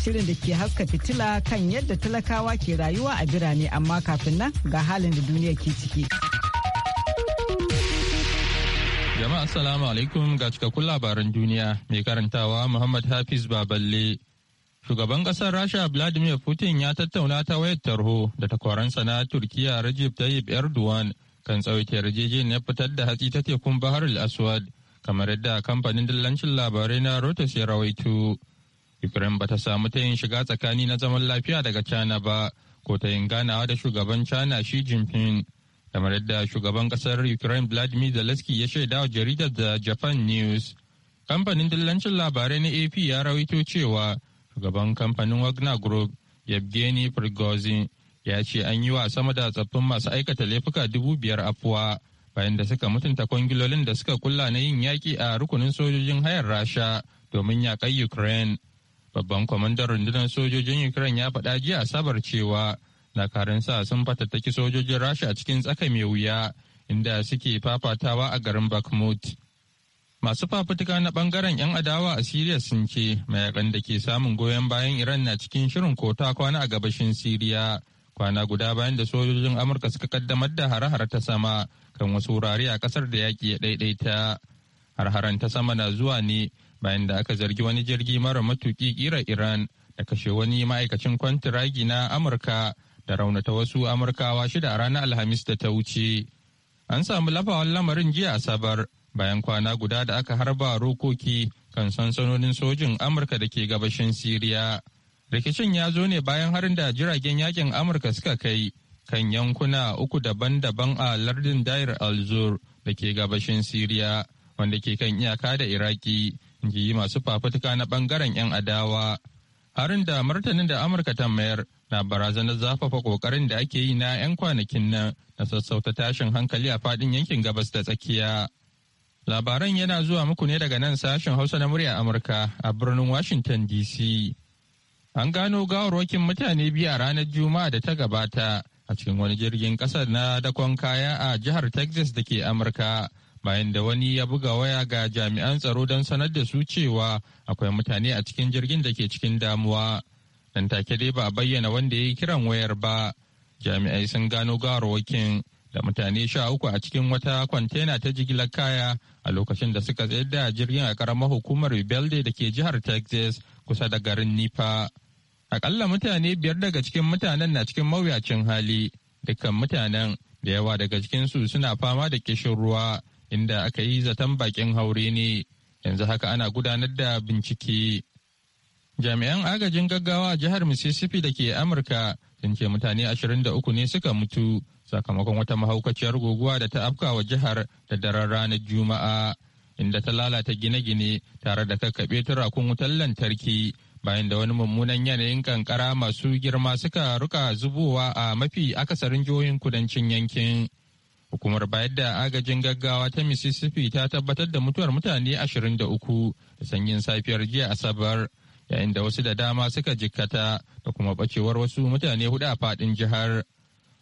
shirin da ke haska fitila kan yadda talakawa ke rayuwa a birane amma kafin nan ga halin da duniya ke ciki. Jama'a Assalamu alaikum ga cikakkun labaran duniya mai karantawa Muhammad Hafiz Baballe. Shugaban ƙasar Rasha Vladimir Putin ya tattauna ta wayar tarho da takwaransa na Turkiya Recep Tayyip Erdogan kan tsawaita yarjejeniyar fitar da hatsi ta tekun Bahar al-Aswad kamar yadda kamfanin dillancin labarai na Reuters ya rawaito. Ukraine ba ta samu ta yin shiga tsakani na zaman lafiya daga China ba ko ta yin ganawa da shugaban China Xi Jinping. Kamar yadda shugaban kasar Ukraine Vladimir Zelensky ya shaida wa jaridar da Japan News. Kamfanin dillancin labarai na AP ya rawaito cewa shugaban kamfanin Wagner Group Yevgeny Prigozhin ya ce an yi wa sama da tsaffin masu aikata laifuka dubu biyar afuwa bayan da suka mutunta kwangilolin da suka kulla na yin yaƙi a rukunin sojojin hayar Rasha domin yaƙar Ukraine. Babban kwamandan rundunar sojojin Ukraine ya faɗa jiya Asabar cewa dakarun sa sun fatattaki sojojin Rasha a cikin tsaka mai wuya inda suke fafatawa a garin Bakhmut. Masu fafutuka na bangaren 'yan adawa a Siriya sun ce mayakan da ke samun goyon bayan Iran na cikin shirin kota kwana a gabashin Siriya. Kwana guda bayan da sojojin Amurka suka kaddamar da hare-hare ta sama kan wasu wurare a kasar da yaƙi ya ɗaiɗaita. Har-haren ta sama na zuwa ne bayan da aka zargi wani jirgi mara matuki ƙira Iran da kashe wani ma'aikacin kwantiragi na Amurka da raunata wasu Amurkawa shida a ranar Alhamis da ta wuce. An samu lafawan lamarin jiya Asabar bayan kwana guda da aka harba rokoki kan sansanonin sojin Amurka da ke gabashin Siriya. Rikicin ya zo ne bayan harin da jiragen yakin Amurka suka kai kan yankuna uku daban-daban a lardin Dair al da ke gabashin Siriya wanda ke kan iyaka da Iraki. yi masu fafutuka na bangaren 'yan adawa harin da martanin da amurka ta mayar na barazanar zafafa kokarin da ake yi na 'yan kwanakin nan na sassauta tashin hankali a fadin yankin gabas da tsakiya labaran yana zuwa muku ne daga nan sashen hausa na murya amurka a birnin washington dc an gano gawarwakin mutane biyu a ranar juma'a da ta gabata a cikin wani jirgin kasar na dakon kaya a jihar texas da ke amurka bayan da wani ya buga waya ga jami'an tsaro don sanar da su cewa akwai mutane a cikin jirgin da ke cikin damuwa nan take dai ba a bayyana wanda ya yi kiran wayar ba jami'ai sun gano gawarwakin da mutane sha uku a cikin wata kwantena ta jigilar kaya a lokacin da suka tsayar da jirgin a karamar hukumar rebelde da ke jihar texas kusa da garin nipa akalla mutane biyar daga cikin mutanen na cikin mawuyacin hali dukkan mutanen da yawa daga cikinsu suna fama da kishin ruwa inda aka yi zaton bakin haure ne yanzu haka ana gudanar da bincike jami'an agajin gaggawa a jihar mississippi da ke amurka sun ce mutane 23 ne suka mutu sakamakon wata mahaukaciyar guguwa da ta afka wa jihar da daren ranar juma'a inda ta lalata gine-gine tare da kakkaɓe turakun wutar lantarki bayan da wani mummunan yanayin kankara masu girma suka ruka zubowa a mafi akasarin jihohin kudancin yankin Hukumar bayar da agajin gaggawa ta Mississippi ta tabbatar da mutuwar mutane 23 da sanyin safiyar jiya Asabar, yayin da wasu da dama suka jikkata da kuma bacewar wasu mutane hudu a fadin jihar.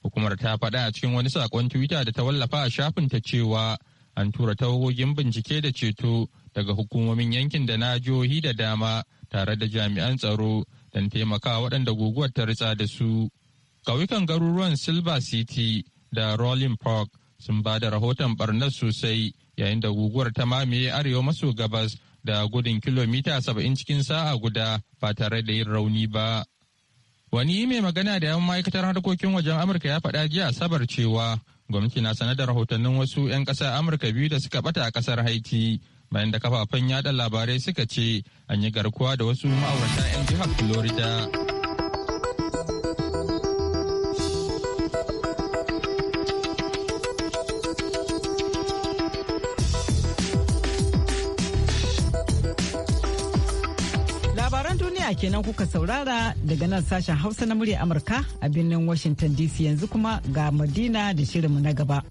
Hukumar ta faɗa a cikin wani saƙon Twitter da ta wallafa a shafin ta cewa an tura tawagogin bincike da ceto daga hukumomin yankin da na jihohi da dama tare da jami'an tsaro don taimaka waɗanda guguwar ta ritsa da su. Ƙauyukan garuruwan Silver City da Rolling Park sun ba da rahoton barnar sosai yayin da guguwar ta mamaye arewa maso gabas da gudun kilomita saba'in cikin sa'a guda ba tare da yin rauni ba. Wani mai magana da yawan ma'aikatar harkokin wajen Amurka ya faɗa jiya Asabar cewa gwamnati na sanar da rahotannin wasu 'yan ƙasar Amurka biyu da suka ɓata a ƙasar Haiti bayan da kafafen yada labarai suka ce an yi garkuwa da wasu ma'aurata 'yan jihar Florida. duniya kenan kuka saurara daga nan sashen hausa na murya amurka a birnin washington dc yanzu kuma ga madina da shirinmu na gaba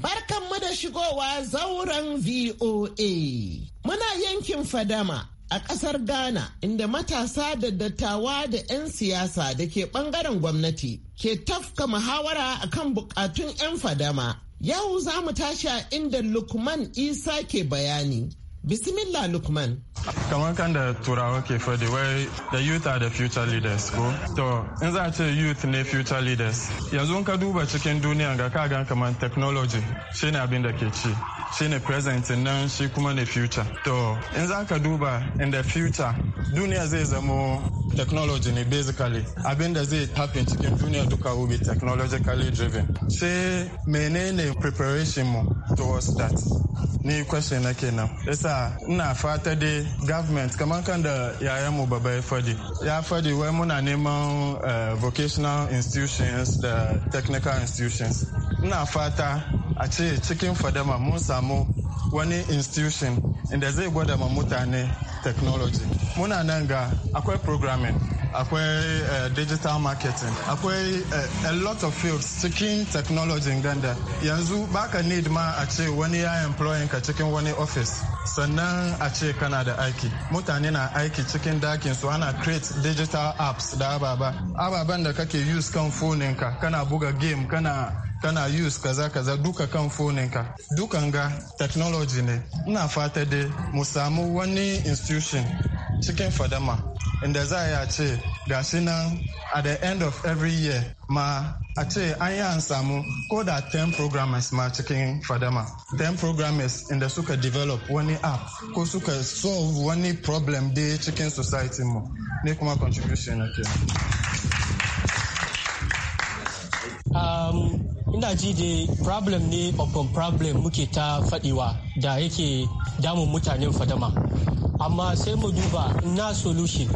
barkanmu da shigowa zauren voa muna yankin fadama a kasar Ghana inda matasa da dattawa da 'yan siyasa da ke ɓangaren gwamnati ke tafka muhawara akan bukatun 'yan fadama Yau za mu tashi a inda Lukman Isa ke bayani. Bismillah Lukman. Kamar kan da turawa ke faɗi wai the youth are the future leaders ko? To, in za ce youth ne future leaders, yanzu ka duba cikin duniya ga kagan kamar technology shine abin da ke ci. ne present nan shi kuma ne future to in za ka duba in the future duniya zai zamo technology ne basically abin da zai happen cikin duniya duka will be technologically driven sai menene preparation mu towards that ni question na kenan yasa ina fata dai government kamar kan da yayan mu baba ya fadi ya fadi wai muna neman eh, vocational institutions da technical institutions ina fata a ce cikin fadama mun samu wani institution inda zai gwada ma mutane technology muna nan ga akwai programming akwai eh, digital marketing akwai eh, a lot of fields cikin technology ganda yanzu baka need ma a ce wani ya employing ka cikin wani office sannan a ce kana da aiki mutane na aiki cikin dakin su ana create digital apps da ababa ababen da kake use kan ka kana buga game kana kana use kaza kaza duka kan ka duka ga technology ne ina fata dai mu samu wani institution cikin fadama inda za a ce shi nan at the end of every year ma a ce an yi an samu ko da 10 programmers ma cikin fadama 10 programmers inda suka develop wani app ko suka solve wani problem dai cikin society mu ne kuma contribution na ke um, ina ji da problem ne babban problem muke ta fadiwa da yake damun mutanen fadama amma sai mu duba na solution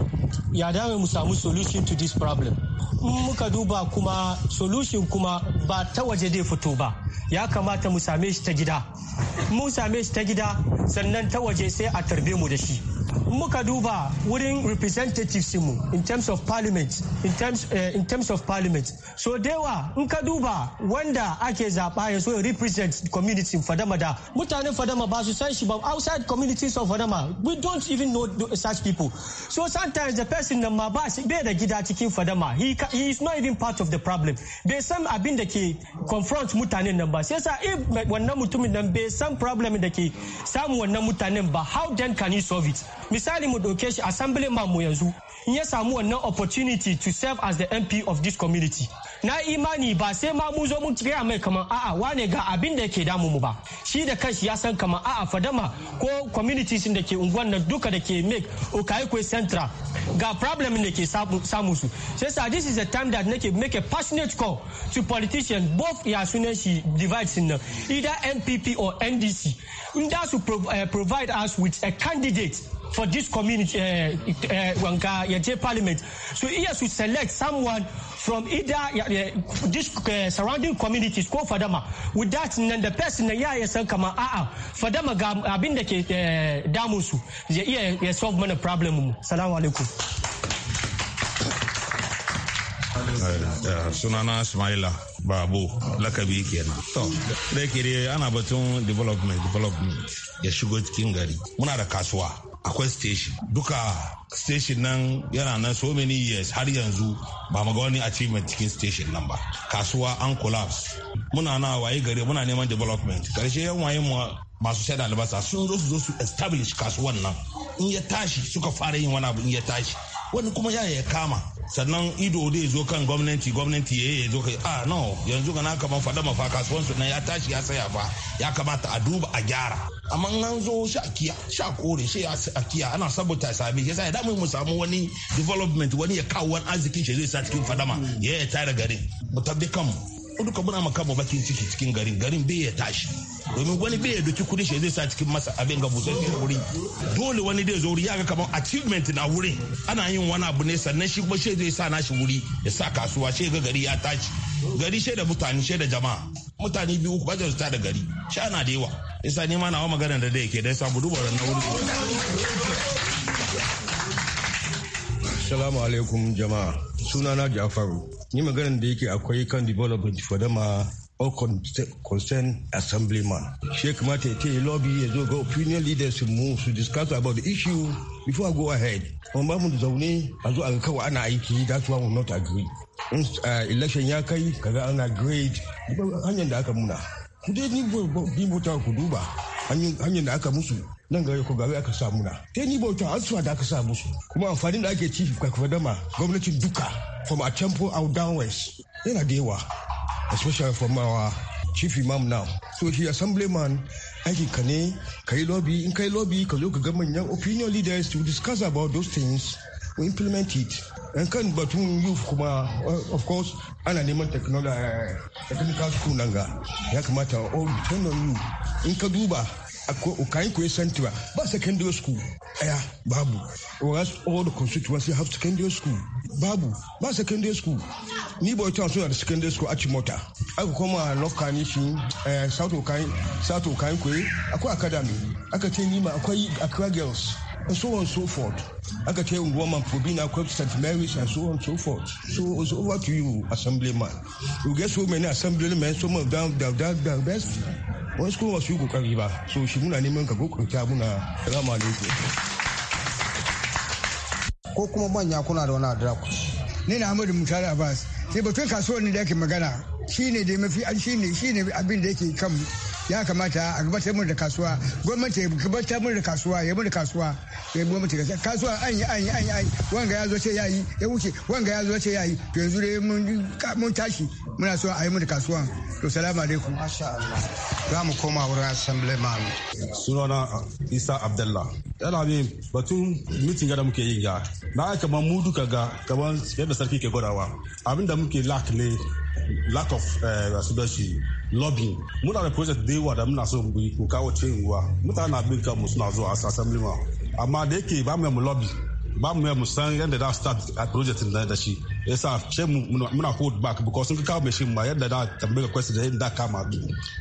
ya dame mu samu solution to this problem muka duba kuma solution kuma ba ta waje dai fito ba ya kamata mu same shi ta gida mu same shi ta gida sannan ta waje sai a tarbe mu da shi muka duba wurin representatives mu in terms of parliament in terms, uh, in terms of parliament so dewa in ka duba wanda ake zaɓa ya so ya represent community fadama da mutanen fadama ba su san shi ba outside communities of fadama we don't even know such people so sometimes the person nan ma ba shi bai da gida cikin fadama he, he is not even part of the problem bai san abin da ke confront mutanen nan ba sai sa if wannan mutumin nan bai san problem da ke samun wannan mutanen ba how then can you solve it misali mu ɗauke shi assembly man mu yanzu in ya samu wannan opportunity to serve as the mp of this community na imani ba sai ma mu zo mun kira mai kamar a'a wane ga abin da yake damu mu ba shi da kanshi ya san kamar a'a fadama ko communities da ke unguwan nan duka da ke make okaikwe central ga problem da ke samu su sai sa this is a time that nake make a passionate call to politicians both ya sunan shi divides nan either npp or ndc in that to eh, provide us with a candidate for this community, uh, uh, parliament, so he has to select someone from either uh, this uh, surrounding communities ko fadama with that then the person na ya yasan kama a'a fadama ga abin ah, da ke damun su ya iya ya solve mana problem mu salamu alaikum sunana Ismaila Babu lakabi kenan. To, da ke ana batun development development ya shigo cikin gari. Muna da kasuwa. akwai station duka station nan yana nan so many years har yanzu ba mu ga wani achievement cikin station nan ba kasuwa an collapse muna na waye gari muna neman development karshe yan waye mu masu shaida albasa sun zo su zo su establish kasuwan nan in ya tashi suka fara yin wani abu in ya tashi wani kuma ya ya kama sannan ido dai zo kan gwamnati gwamnati ya ya zo kai a ah, no yanzu kana kama fada mafa kasuwansu na ya tashi ya saya ba ya kamata a duba a gyara amma an zo sha kiya sha kore shi a kiya ana sabota sami shi sai damu mu samu wani development wani ya kawo wani arzikin shi zai sa cikin fadama ya ya tare garin mu tabbi duka muna maka ba bakin ciki cikin garin garin bai ya tashi domin wani bai ya doki kudin shi zai sa cikin masa abin ga busar cikin wuri dole wani dai zo wuri ya ga kamar achievement na wurin ana yin wani abu ne sannan shi kuma shi zai sa nashi wuri ya sa kasuwa shi ga gari ya tashi gari shi da mutane shi da jama'a mutane biyu uku zai ta da gari shi ana da yawa isa ni ma wa magana da da yake dai samu duba na wurin Assalamu alaikum jama'a. Sunana Jafaru. Ni maganin da yake akwai kan development for fadama all concerned assemblyman. Shi kamata ya ce lobby ya zo ga opinion leaders mu su discuss about the issue before I go ahead. ba mu zaune a zo a ga kawai ana aiki that one will not agree. In uh, election ya kai kaga ana great. hanyar da aka muna. Ku dai ni ta ku duba hanyar da aka musu nan gare ku gawe aka samu na ta eh, ni bauta suwa da aka samu su kuma amfanin da ake ci dama. gwamnatin duka from a temple out downwards yana da yawa especially from our chief imam now so shi assemblyman aiki ka ne ka yi lobby in ka yi lobby ka zo ka ga manyan opinion leaders to discuss about those things we implement it yan kan batun youth kuma uh, of course ana neman uh, technical school nan ga ya kamata all depend on you in ka duba ukai koyi sentiwa ba secondary school aya babu whereas all the constituency have secondary school babu ba secondary school ni boy town so secondary school aci mota aka koma north eh south ukai south ukai koyi akwai academy aka ce nima akwai akwai girls and so on so forth aka ce woman probina akwai st mary's and so on so forth so it's over to you assemblyman you get so many assemblymen some of them they're, they're, they're best wasu kuma su yi kokari ba so shi muna neman ka ta muna rama ne ko kuma manya kuna da wani adira ne na amadu Mutare Abbas sai batun kasuwar ne da yake magana shine da mafi an shine shine abin da yake kan ya kamata a gabatar mun da kasuwa gwamnati ya gabatar mun da kasuwa ya mun da kasuwa ya mun ga kasuwa an yi an yi an yi an yi wanga ya zo ce ya yi ya wuce wanga ya zo ce ya yi to yanzu dai mun tashi muna so a yi mun da kasuwa to salamu alaikum masha Allah za mu koma wurin assembly man sunana Isa Abdullah yana ne batun mitin da muke yi ga na kamar mu duka ga kamar yadda sarki ke gwadawa abinda muke lack ne lack of uh, lobbying muna da project da yawa da muna so mu yi kawo cin ruwa mutane na bin kanmu suna zuwa assembly ma amma da yake ba mu mu lobby ba mu mu san yadda da start a project na da shi ya sa ce muna hold back because sun kawo machine ma yadda da tambaye ka question da yadda da kama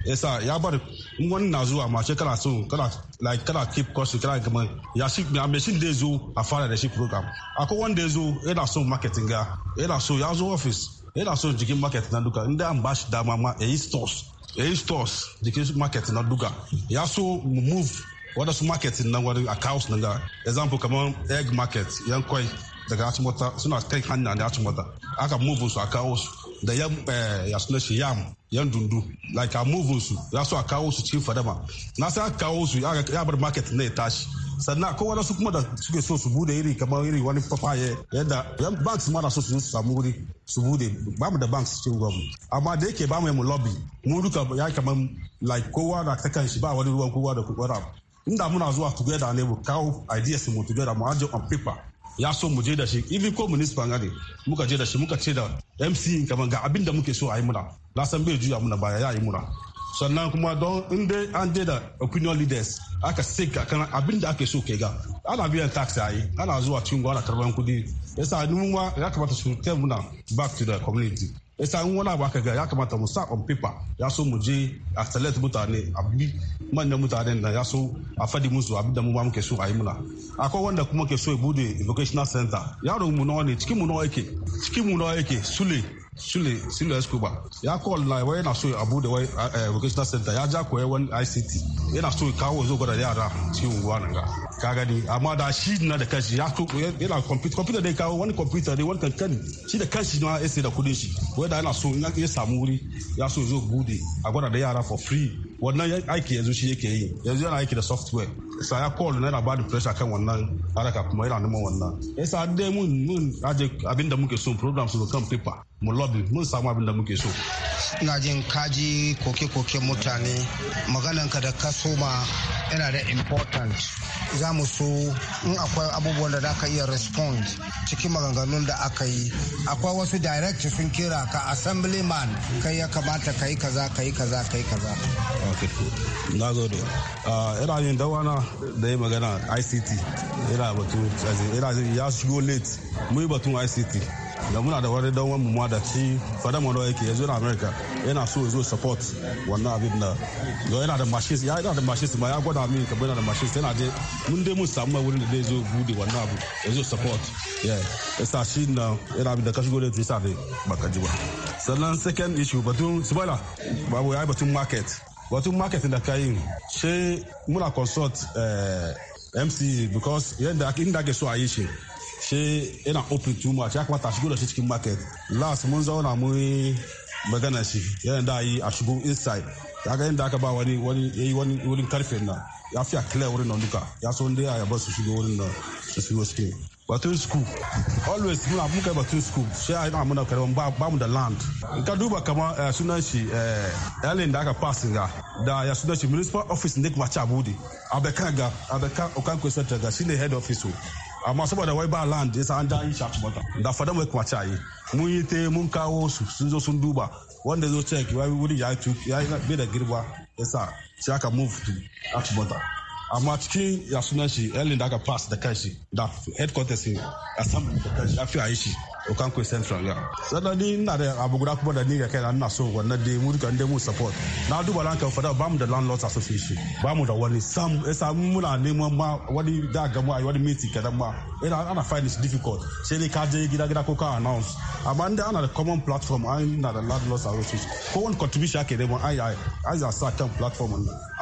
ya sa ya bar in wani na zuwa ma ce kana so kana like kana keep question kana gama ya shi a machine da zo a fara da shi program akwai wanda ya zo yana so marketing ga yana so ya zo office yana so jikin market na duka inda an ba shi dama ma ya yi stores ya yi stores jikin market na duka ya so move move su market na wani accounts nan ga example kamar egg market yan koi daga acimota suna kai hannu na acimota aka move su a kawo su da yam eh, ya suna shi yam yan dundu like a move su ya so a kawo su cikin fadama na sai aka kawo su ya bar market na ya tashi sannan akwai su kuma da suke so su bude iri kamar iri wani papaye yadda banks ma na so su samu wuri su bude ba mu da banks cikin gwamnati amma da yake ba mu mu lobby mu duka ya kamar like kowa na ta kanshi ba wani ruwan kowa da kowa inda muna zuwa together ne mu kawo ideas mu together mu ajiye on paper ya so mu je da shi even ko municipal ne muka je da shi muka ce da mc kamar ga abin da muke so a yi muna lasan bai juya muna baya ya yi muna sannan kuma don in dai an je da opinion leaders aka sai kan abin da ake so ke ga ana biyan tax a yayi ana zuwa cikin gwamnati karban kudi yasa mun ma ya kamata su tell muna back to the community yasa in wani abu aka ga ya kamata mu sa on paper ya so mu je a select mutane a bi manyan mutanen da ya so a fadi musu abin da mu ma muke so a yi muna akwai wanda kuma ke so ya bude vocational center yaron mu nawa ne cikin mu nawa yake cikin mu nawa yake sule sule sule escobar ya call wai na so abu da wai eh, eh, vocational center ya ja koya wani ict yana so kawo zo gwada yara cikin unguwa nan ga ka gani amma da shi na da kanshi ya yana computer computer dai kawo wani computer dai wani kankani shi da kanshi na ya da kudin shi wai da yana so in ya samu wuri ya so zo bude a gwada da yara for free wannan aiki yanzu shi yake yi yanzu yana aiki da software saya ya call na yana bada pressure kan wannan haraka kuma yana neman wannan yasa dai mun mun aje abin da muke so program su kan paper mu lobby mun samu abin da muke so na jin kaji koke-koke mutane magananka da ka soma yana da important za mu so in akwai abubuwan da ka iya respond cikin maganganun da aka yi akwai wasu direct sun kira ka assembly man kai ya kamata ka yi kaza ka yi kaza ka yi kaza na gode ah, ina yin dawana da yi magana ict ina batun ya shigo late mu yi batun ict da muna da wani dan mu ma ci shi fada mu yake yanzu na america yana so ya zo support wannan abin da yau yana da machines ya yana da machines ma ya gwada min kamar yana da machines yana je mun dai mun samu wurin da zai zo bude wannan abu ya zo support yeah yasa shi na yana da ka shigo da ne baka ji ba sannan second issue batun sibala babu ya yi batun market batun market da ka yi muna consult eh, mc because yadda inda ake so a yi shi shi na open too much ya kamata a shigo da shi cikin market last mun zauna mu magana shi yana da yi a shigo inside ya ga yadda aka ba wani wani yayi wani wurin karfe na ya fi clear wurin nan duka ya so ndai ya bar su shigo wurin nan su shigo cikin batun school always muna mun kai batun school shi a yana muna karban ba mu da land in ka duba kama eh, sunan shi eh, yalin da aka pass ga da ya sunan shi municipal office nick a abudi abekan ga abekan okan kwesa ga shine head office amma saboda wai ba land ya an da yi shafi mata da fada mai kwace a mun yi ta mun kawo su sun zo sun duba wanda zo cek wai wuri ya yi da girba yasa sai aka move to Atubata. amma cikin ya suna shi elin da aka pass da shi da headquarters assembly da kai ya fi a yi shi k'an okanko central ya sannan ni n da abu guda kuma da ni ga n na so wannan da mu den mun support na duba lan kan fada bamu da landlords association bamu da wani sam e, samu muna neman ma wani da ga mu a wani meeting kadan ma na e, ana find it difficult sai dai ka je gida gida ko ka announce amma inda ana da common platform an na da landlords association ko wani contribution ake neman ai ai ai za sa kan platform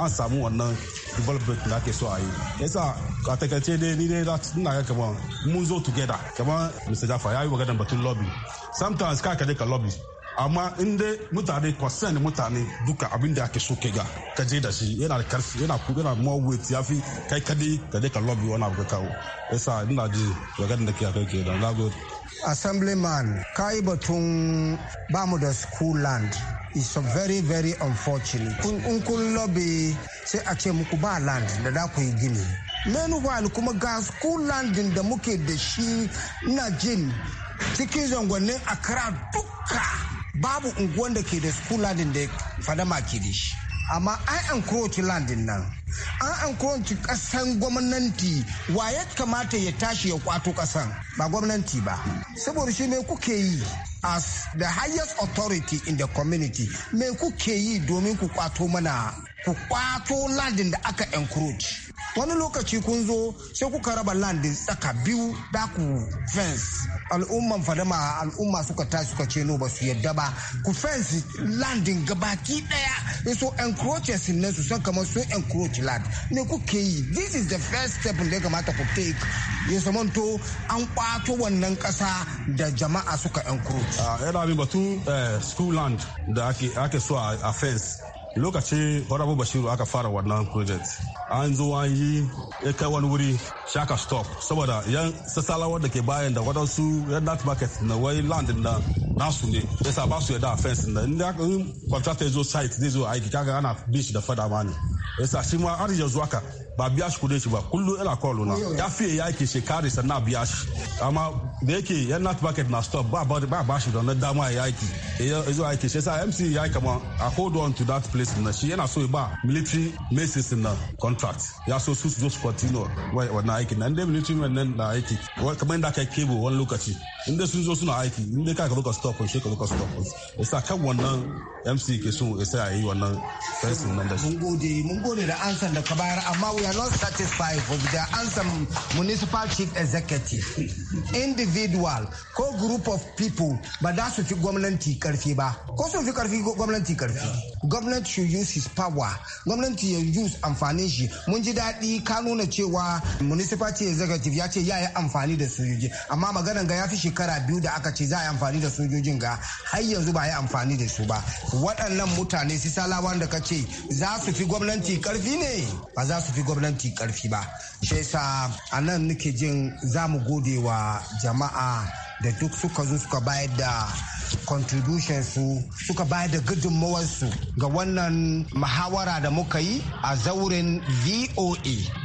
an samu wannan development na kɛ so a ye yasa a takaice dai ni dai ina ga kamar mun zo together kamar Mr. Jaffa ya yi magana kan batun lobby sometimes ka ka je ka lobby amma in dai mutane concern mutane duka abin da ake so ke ga ka je da shi yana da karfi yana kuɗi yana more weight ya fi kai kadai ka dai ka lobby wani abu ka kawo yasa ina ji maganar da ke akai ke da lagos assemblyman kai batun bamu da school land is a very very unfortunate in kun lobby sai a ce muku ba land da da ku yi gini meanwhile kuma ga school landing da muke da shi na jin cikin zangonnin Accra duka babu unguwan da ke da school landing da fadama ke da shi amma an encroach landin nan an encroach kasan gwamnati wa ya kamata ya tashi ya kwato kasan ba gwamnati ba saboda shi me kuke yi as the highest authority in the community me kuke yi domin ku kwato mana ku kwato landin da aka encroach wani lokaci kun zo sai kuka raba land tsaka biyu daku fence al'umman fadama al'umma suka tashi suka ce no ba su yadda ba ku fence landin gabaki daya so encroaches nan su san kamar sun encroach land ne kuke yi this is the first step da ya kamata ku take ya zamanto an kwato wannan kasa da jama'a suka encroach ah, yana min batun eh, school land da ake so a fence lokaci honorable bashiru aka fara wannan project an zo an yi ya kai wani wuri shaka stop saboda yan sassalawar da ke bayan da wadansu yan night market na wai land na nasu ne sa ba su yarda a fence na in ya zo site zai zo aiki kaga ana bin da fada ma ne yasa shi ma har yanzu haka ba biya shi kudin shi ba kullum ina call na ya fiye ya yake shekari sannan biya shi amma da yake yan night market na stop ba ba ba shi don dama ya yake zuwa yake shi yasa MC ya kama a hold on to that place na shi yana so ba military maces na contract ya so su zo su continue wannan aikin na dai military men nan na aiki kamar yadda ka cable wani lokaci inda sun zo suna aiki inda ka ka zo ka stop shi ka zo ka stop yasa kan wannan MC ke so ya sa yi wannan fencing nan da shi mun gode mun gode da ansan da ka bayar amma we are not satisfied with the answer municipal chief executive individual ko group of people ba da su fi gwamnati karfi ba ko su fi karfi gwamnati karfi government should use his power gwamnati ya use amfanin shi mun ji daɗi ka nuna cewa municipal chief executive ya ce ya yi amfani da sojoji amma maganan ga ya fi shekara biyu da aka ce za a yi amfani da sojojin ga har yanzu ba a yi amfani da su ba waɗannan mutane su salawa da ka ce za su fi gwamnati karfi ne ba za su fi gwamnati karfi ba shi yasa a nan nake jin za mu gode wa jama'a da duk suka zo suka bayar da contribution su suka bayar da su ga wannan muhawara da muka yi a zauren voa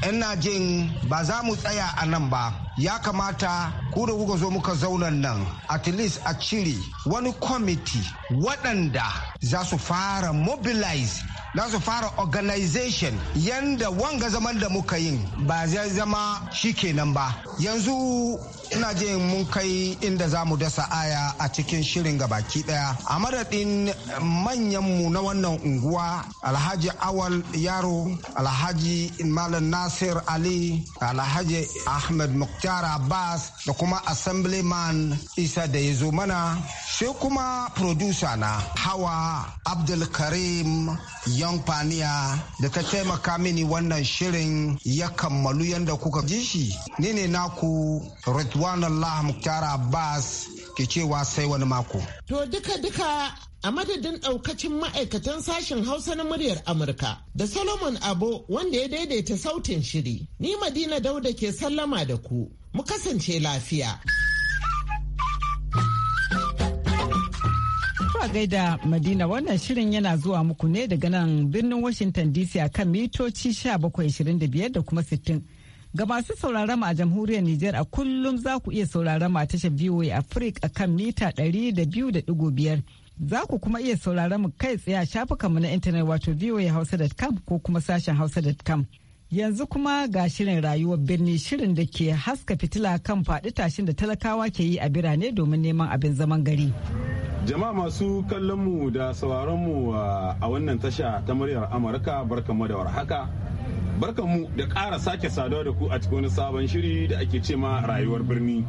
ina jin ba za mu tsaya a nan ba ya kamata ku da kuka zo muka zaunan nan at least a cire wani kwamiti waɗanda za su fara mobilize za su fara organization yanda wanga zaman da muka yin ba zai zama shi shikenan ba yanzu ina jin mun kai inda za mu dasa aya a cikin shirin gabaki daya a madadin manyanmu na wannan unguwa alhaji awal yaro alhaji malam nasir ali alhaji ahmed muktar abbas da kuma assemblyman isa da ya zo mana sai kuma producer na hawa abdulkarim yan da ta taimaka mini wannan shirin ya kammalu yadda kuka ji shi ne ne naku Ridwan Muktar Abbas ke cewa sai wani mako. To duka-duka a madadin ɗaukacin ma'aikatan sashen Hausa na muryar Amurka da Solomon Abo wanda ya daidaita sautin shiri. Ni Madina Dauda ke sallama da ku. Mu kasance lafiya. zuwa gaida Madina wannan shirin yana zuwa muku ne daga nan birnin Washington DC a kan mitoci 1725 da kuma 60. Ga masu sauraron a jamhuriyar Nijar a kullum za ku iya sauraron a tashar VOA Africa kan mita 200.5. Za ku kuma iya sauraron mu kai tsaye a shafukanmu na intanet wato voahausa.com ko kuma sashen hausa.com. Yanzu kuma ga shirin rayuwar birni shirin da ke haska fitila kan faɗi tashin da talakawa ke yi a birane domin neman abin zaman gari. Jama'a masu kallon mu da sauraron mu uh, a wannan tasha ta muryar Amurka barkanmu da warhaka. Barkanmu da ƙara sake saduwa da ku a cikin wani sabon shiri da ake ce ma rayuwar birni.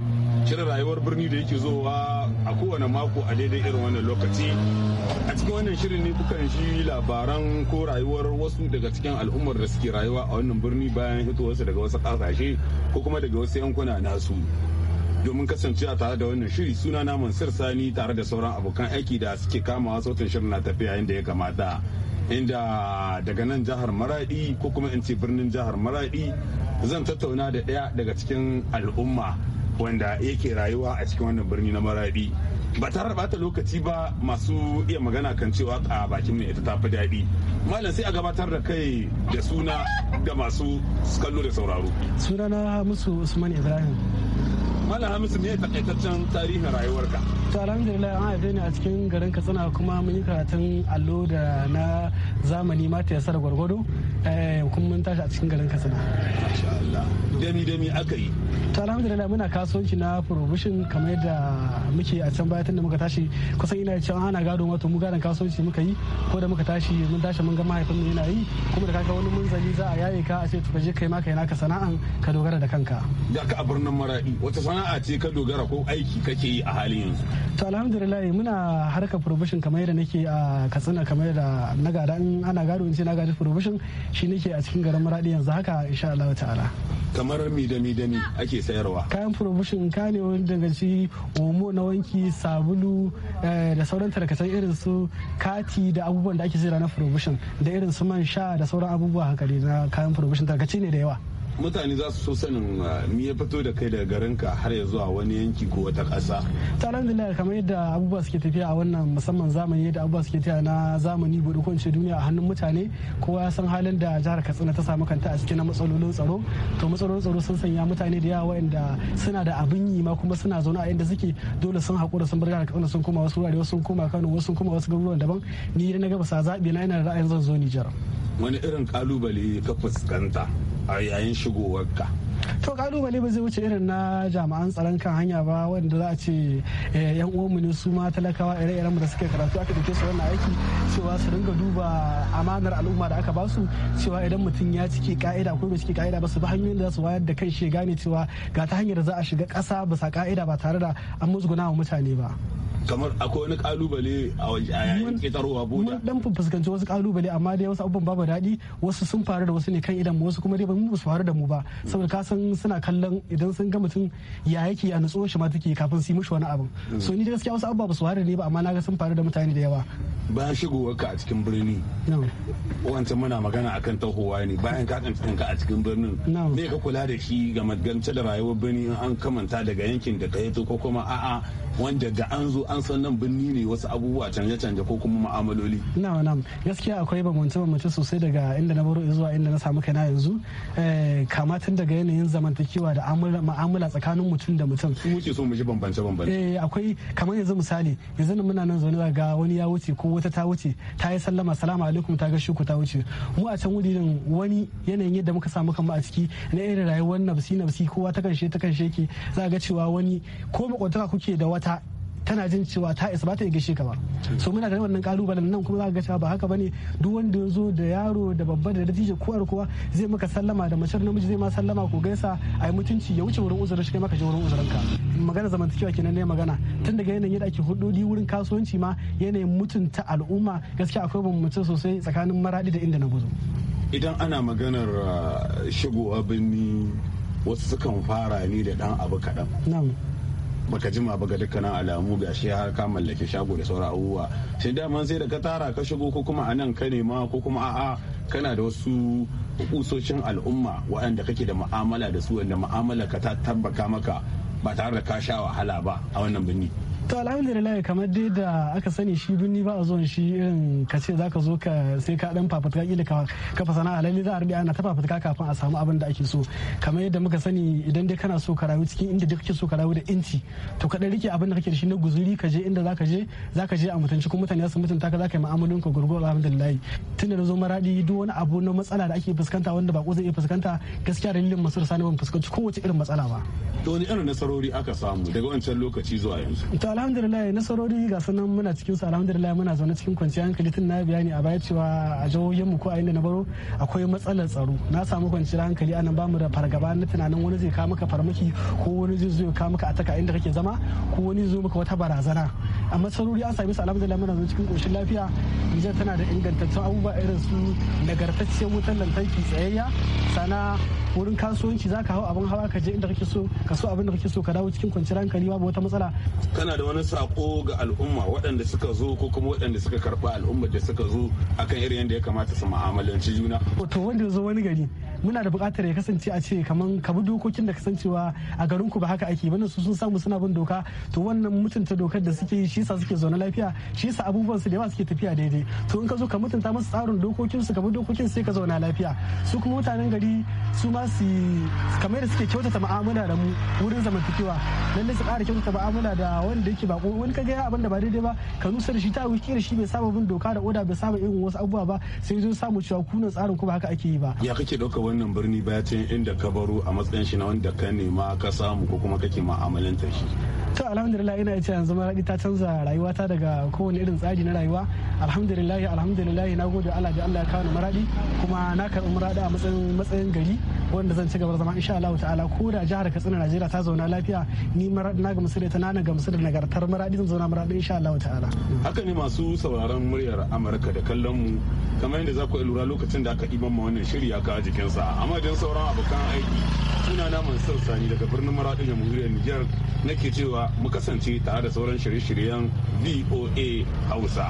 Shirin rayuwar birni da yake zowa a kowane mako a daidai irin wannan lokaci. A cikin wannan shirin ne kukan shi labaran ko rayuwar wasu daga cikin al'ummar da suke rayuwa a wannan birni bayan hitowarsu daga wasu ƙasashe ko kuma daga wasu yankuna nasu. domin kasancewa tare da wannan shiri suna na Mansur Sani tare da sauran abokan aiki da suke kamawa sautin shirin na tafiya yadda ya kamata. Inda daga nan jihar Maradi ko kuma in ce birnin jihar Maradi zan tattauna da ɗaya daga cikin al'umma wanda yake rayuwa a cikin wannan birni na Maradi. ba tare bata lokaci ba masu iya magana kan cewa a bakin mai ita tafi daɗi malam sai a gabatar da kai da suna da masu kallo da sauraro sunana musu usman ibrahim Malam Hamisu ne takaitaccen tarihin rayuwarka. to alhamdulillah an haife ni a cikin garin katsina kuma mun yi karatun allo da na zamani mata yasar gwargwado eh, kuma mun tashi a cikin garin katsina dami dami aka yi to alhamdulillah muna kasuwanci na provision kamar yadda muke a can bayan tun da muka tashi kusan ina cewa ana gado wato mu gadon kasuwanci muka yi ko da muka tashi mun tashi mun ga mahaifin mu yana yi kuma da kaka wani munzali za a yaye ka a ce to je kai ma kai naka sana'an ka dogara da kanka da ka a birnin maradi wata sana'a ce ka dogara ko aiki kake yi a halin yanzu to alhamdulillah muna harka probation kamar yadda nake a katsina kamar yadda na gada in ana gado in ce na gada probation shi nake a cikin garin maradi yanzu haka insha Allah ta'ala kamar mi da mi da mi ake sayarwa kayan probation ka ne wani daga ci omo na wanki sabulu eh, da sauran tarkatan irin su kati da abubuwan da ake sayarwa na probation da irin su man sha da sauran abubuwa haka na kayan probation tarkace ne da yawa mutane za su so sanin uh, mi ya fito da kai daga garinka har ya zuwa wani yanki ko wata ƙasa. ta alhamdulillah kamar yadda abubuwa suke tafiya a wannan musamman zamani yadda abubuwa suke tafiya na zamani gudu ko duniya a hannun mutane kowa ya san halin da jihar katsina ta samu kanta a cikin na matsalolin tsaro to matsalolin tsaro sun sanya mutane da yawa waɗanda suna da abin yi ma kuma suna zaune a inda suke dole sun haƙura sun bar jihar katsina sun koma wasu wurare wasu sun koma kano wasu sun koma wasu garuruwan daban ni na gaba sa zaɓi na ina da ra'ayin zan zo nijar. wani irin kalubale ka fuskanta a yayin shigowarka to kalubale ba zai wuce irin na jami'an tsaron kan hanya ba wanda za a ce eh, yan uwanmu ne su ma talakawa ire-irenmu da suke karatu aka dake su wannan aiki cewa su ringa duba amanar al'umma da aka basu cewa idan mutum ya cike ka'ida ko bai cike ka'ida ba su bi hanyoyin da za su wayar da kai shi gane cewa ga ta hanyar za a shiga ƙasa bisa ka'ida ba tare da an musguna wa mutane ba. kamar akwai wani kalubale a yayin ƙetarowa boda mun dan fuskanci wasu kalubale amma dai wasu abubuwan babu daɗi wasu sun faru da wasu ne kan idan wasu kuma dai ba su faru da mu ba saboda ka san suna kallon idan sun ga mutum ya yake a nutsuwar shi ma take kafin su yi mishi wani abu mm. so ni da gaskiya wasu abubuwa ba su faru da ni ba amma na ga sun faru da mutane da yawa bayan shigowar ka a cikin birni wancan muna magana akan tahowa ne bayan ka kan kanka a cikin birnin me ka kula da shi ga magance da rayuwar birni an kamanta daga yankin da ka yi ko kuma a'a wanda da an zo an san nan birni ne wasu abubuwa canje-canje ko kuma ma'amaloli. Na'am na'am gaskiya akwai bambance bambance sosai daga inda na baro zuwa inda na samu na yanzu eh, kama tun daga yanayin zamantakewa da ma'amala tsakanin mutum da mutum. Su muke so mu ji bambance bambance. Eh akwai kamar yanzu misali yanzu nan muna nan zaune ga wani ya wuce ko wata ta wuce ta yi sallama salamu alaikum ta ga shuku ta wuce mu a can wurin wani yanayin yadda muka samu kanmu a ciki na irin rayuwar nafsi nafsi kowa ta kanshe ta kanshe ke za ga cewa wani ko makwantaka kuke da wata tana jin cewa ta isa ba ta iya gaishe ka ba so muna da wannan kalubalen nan kuma za ka ga cewa ba haka bane duk wanda ya zo da yaro da babba da dattijo ko kowa zai maka sallama da mace namiji zai ma sallama ko gaisa a yi mutunci ya wuce wurin uzurin shi kai maka je wurin uzurin ka magana zamantakewa kenan ne magana tun daga yanayin yadda ake hudodi wurin kasuwanci ma yanayin mutunta al'umma gaskiya akwai mutum sosai tsakanin maradi da inda na gudu idan ana maganar ah, shigo abin wasu sukan fara ne da dan abu kaɗan baka jima ba ga dukkanin alamu ga shi har ka mallake shago da saura abubuwa sai daman sai da ka tara ka shigo ko kuma a nan ka nema ko kuma a'a kana da wasu kusoshin al'umma waɗanda kake da mu'amala da su wanda mu'amala ka ta tabbaka maka ba tare da ka sha wahala ba a wannan birni to alhamdulillah kamar dai da aka sani shi birni ba a zuwan shi irin ka ce za ka zo ka sai ka dan fafutuka kila ka kafa sana'a lalle za a rubi ana ta fafutuka kafin a samu abin da ake so kamar yadda muka sani idan dai kana so ka rayu cikin inda duk kake so ka rayu da inci to ka dan rike abin da kake da shi na guzuri ka je inda ka je za ka je a mutunci kuma mutane su mutunta ka zaka yi mu'amalolin ka gurgurwa alhamdulillah tunda da zo maradi duk wani abu na matsala da ake fuskanta wanda ba ko zai iya fuskanta gaskiya dalilin masu sani ban fuskanci kowace irin matsala ba to wani irin nasarori aka samu daga wancan lokaci zuwa yanzu alhamdulillah nasarori ga sunan muna cikin su alhamdulillah muna zaune cikin kwanciyar hankali tun na bayani a baya cewa a jihohin mu ko a inda na baro akwai matsalar tsaro na samu kwanciyar hankali anan bamu da fargaba na tunanin wani zai kawo maka farmaki ko wani zai zo ya kawo maka ataka inda kake zama ko wani zai zo maka wata barazana amma sarori an sami su alhamdulillah muna zaune cikin koshin lafiya Nijar tana da ingantaccen abubuwa irin su nagartacciyar wutar lantarki tsayayya sana wurin kasuwanci za ka hau abin hawa ka je inda kake so ka so abin da kake so ka dawo cikin kwanciyar hankali babu wata matsala kana da wani sako ga al'umma waɗanda suka zo ko kuma waɗanda suka karɓa al'umma da suka zo akan irin yadda ya kamata su mu'amalanci juna to wanda ya zo wani gari muna da buƙatar ya kasance a ce kaman ka dokokin da kasancewa a garin ku ba haka ake bane su sun samu suna bin doka to wannan mutunta dokar da suke shi sa suke zaune lafiya shi sa abubuwan su da yawa suke tafiya daidai to in ka zo ka mutunta musu tsarin dokokin su ka dokokin sai ka zauna lafiya su kuma mutanen gari su ma su kamar da suke kyautata mu'amala da mu wurin zamantakewa lallai su ƙara kyautata mu'amala da wanda yake bako wani kaga ya abin da ba daidai ba ka nusa da shi ta wuce da shi bai saba bin doka da oda bai saba irin wasu abubuwa ba sai zo samu cewa kunan tsarin ku ba haka ake yi ba ya kake dauka wannan birni bacin inda ka baro a matsayin shi na wanda ka nema ka samu ko kuma kake ma'amalanta shi to alhamdulillah ina ce yanzu maradi ta canza rayuwata daga kowane irin tsari na rayuwa alhamdulillah alhamdulillah na gode Allah da Allah ya kawo maradi kuma na karɓi maradi a matsayin matsayin gari wanda zan ci gaba zama insha Allah ta'ala ko da jihar Katsina Najeriya ta zauna lafiya ni maradi na ga da ta na gamsu da nagartar maradi zan zauna maradi insha Allah ta'ala haka ne masu sauraron muryar Amurka da kallon mu kamar yadda za ku lura lokacin da aka iban ma wannan ka jikin sa sa a madadin sauran abokan aiki suna na mansur sani daga birnin maradin jamhuriyar niger nake cewa mu kasance tare da sauran shirye-shiryen voa hausa.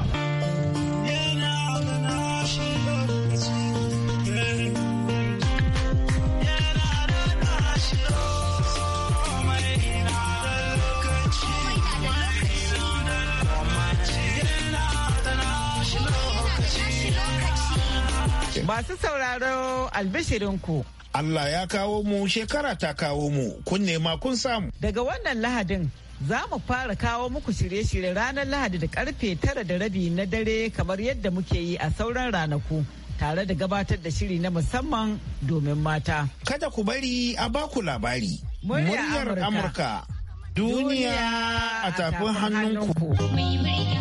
Masu sauraro albishirinku. Allah ya kawo mu shekara ta kawo mu kun nema kun samu. Daga wannan lahadin za mu fara kawo muku shirye-shirye ranar lahadi da karfe tara da rabi na dare kamar yadda muke yi a sauran ranaku. tare da gabatar da shiri na musamman domin mata. Kada ku bari a baku labari. Muryar Amurka. Duniya a tafin hannunku.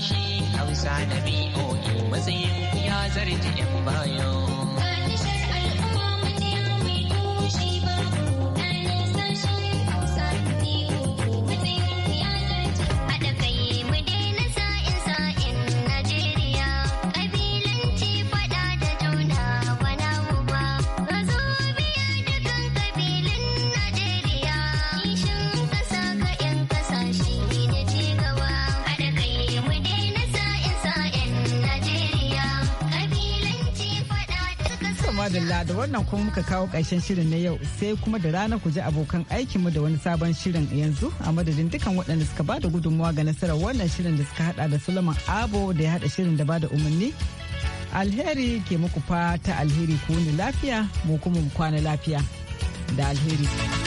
shi hausa na In matsayin ya zarce yan bayan Allah da wannan kuma muka kawo ƙarshen shirin na yau sai kuma da rana ku ji abokan aikinmu da wani sabon shirin yanzu a madadin dukan waɗanda suka bada gudunmawa ga nasarar wannan shirin da suka hada da Suleiman Abo da ya hada shirin da bada umarni. Alheri ke muku fata alheri ku ni lafiya mu kuma mu kwana lafiya da alheri.